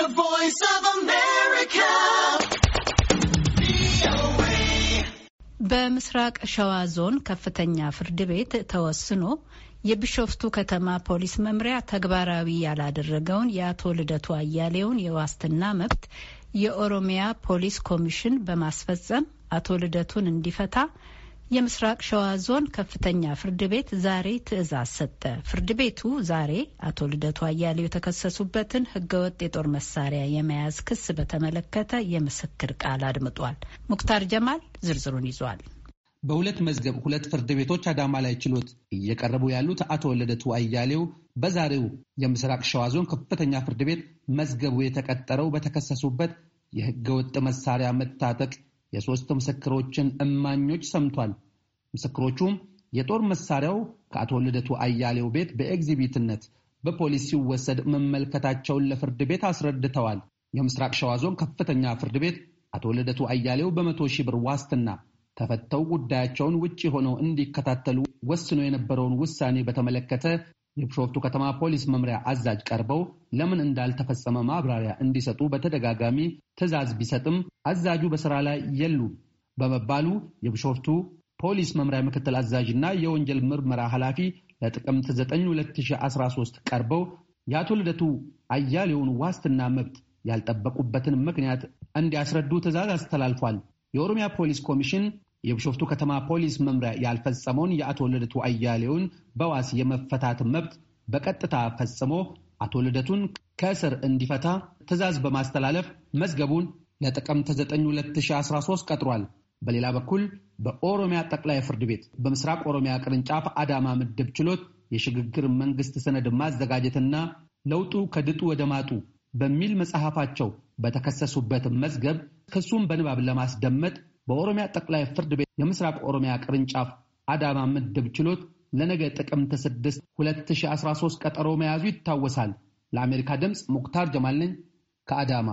The Voice of America. በምስራቅ ሸዋ ዞን ከፍተኛ ፍርድ ቤት ተወስኖ የቢሾፍቱ ከተማ ፖሊስ መምሪያ ተግባራዊ ያላደረገውን የአቶ ልደቱ አያሌውን የዋስትና መብት የኦሮሚያ ፖሊስ ኮሚሽን በማስፈጸም አቶ ልደቱን እንዲፈታ የምስራቅ ሸዋ ዞን ከፍተኛ ፍርድ ቤት ዛሬ ትዕዛዝ ሰጠ። ፍርድ ቤቱ ዛሬ አቶ ልደቱ አያሌው የተከሰሱበትን ህገወጥ የጦር መሳሪያ የመያዝ ክስ በተመለከተ የምስክር ቃል አድምጧል። ሙክታር ጀማል ዝርዝሩን ይዟል። በሁለት መዝገብ ሁለት ፍርድ ቤቶች አዳማ ላይ ችሎት እየቀረቡ ያሉት አቶ ልደቱ አያሌው በዛሬው የምስራቅ ሸዋ ዞን ከፍተኛ ፍርድ ቤት መዝገቡ የተቀጠረው በተከሰሱበት የህገወጥ መሳሪያ መታጠቅ የሶስት ምስክሮችን እማኞች ሰምቷል። ምስክሮቹም የጦር መሳሪያው ከአቶ ልደቱ አያሌው ቤት በኤግዚቢትነት በፖሊስ ሲወሰድ መመልከታቸውን ለፍርድ ቤት አስረድተዋል። የምስራቅ ሸዋ ዞን ከፍተኛ ፍርድ ቤት አቶ ልደቱ አያሌው በመቶ ሺህ ብር ዋስትና ተፈተው ጉዳያቸውን ውጭ ሆነው እንዲከታተሉ ወስኖ የነበረውን ውሳኔ በተመለከተ የቢሾፍቱ ከተማ ፖሊስ መምሪያ አዛዥ ቀርበው ለምን እንዳልተፈጸመ ማብራሪያ እንዲሰጡ በተደጋጋሚ ትዕዛዝ ቢሰጥም አዛጁ በስራ ላይ የሉም በመባሉ የቢሾፍቱ ፖሊስ መምሪያ ምክትል አዛዥ እና የወንጀል ምርመራ ኃላፊ ለጥቅምት 9 2013 ቀርበው የአቶ ልደቱ አያሌውን ዋስትና መብት ያልጠበቁበትን ምክንያት እንዲያስረዱ ትዕዛዝ አስተላልፏል። የኦሮሚያ ፖሊስ ኮሚሽን የብሾፍቱ ከተማ ፖሊስ መምሪያ ያልፈጸመውን የአቶ ልደቱ አያሌውን በዋስ የመፈታት መብት በቀጥታ ፈጽሞ አቶ ልደቱን ከእስር እንዲፈታ ትዕዛዝ በማስተላለፍ መዝገቡን ለጥቅምት 9 2013 ቀጥሯል። በሌላ በኩል በኦሮሚያ ጠቅላይ ፍርድ ቤት በምስራቅ ኦሮሚያ ቅርንጫፍ አዳማ ምድብ ችሎት የሽግግር መንግስት ሰነድ ማዘጋጀትና ለውጡ ከድጡ ወደ ማጡ በሚል መጽሐፋቸው በተከሰሱበት መዝገብ ክሱን በንባብ ለማስደመጥ በኦሮሚያ ጠቅላይ ፍርድ ቤት የምስራቅ ኦሮሚያ ቅርንጫፍ አዳማ ምድብ ችሎት ለነገ ጥቅምት 6 2013 ቀጠሮ መያዙ ይታወሳል። ለአሜሪካ ድምፅ ሙክታር ጀማል ነኝ ከአዳማ።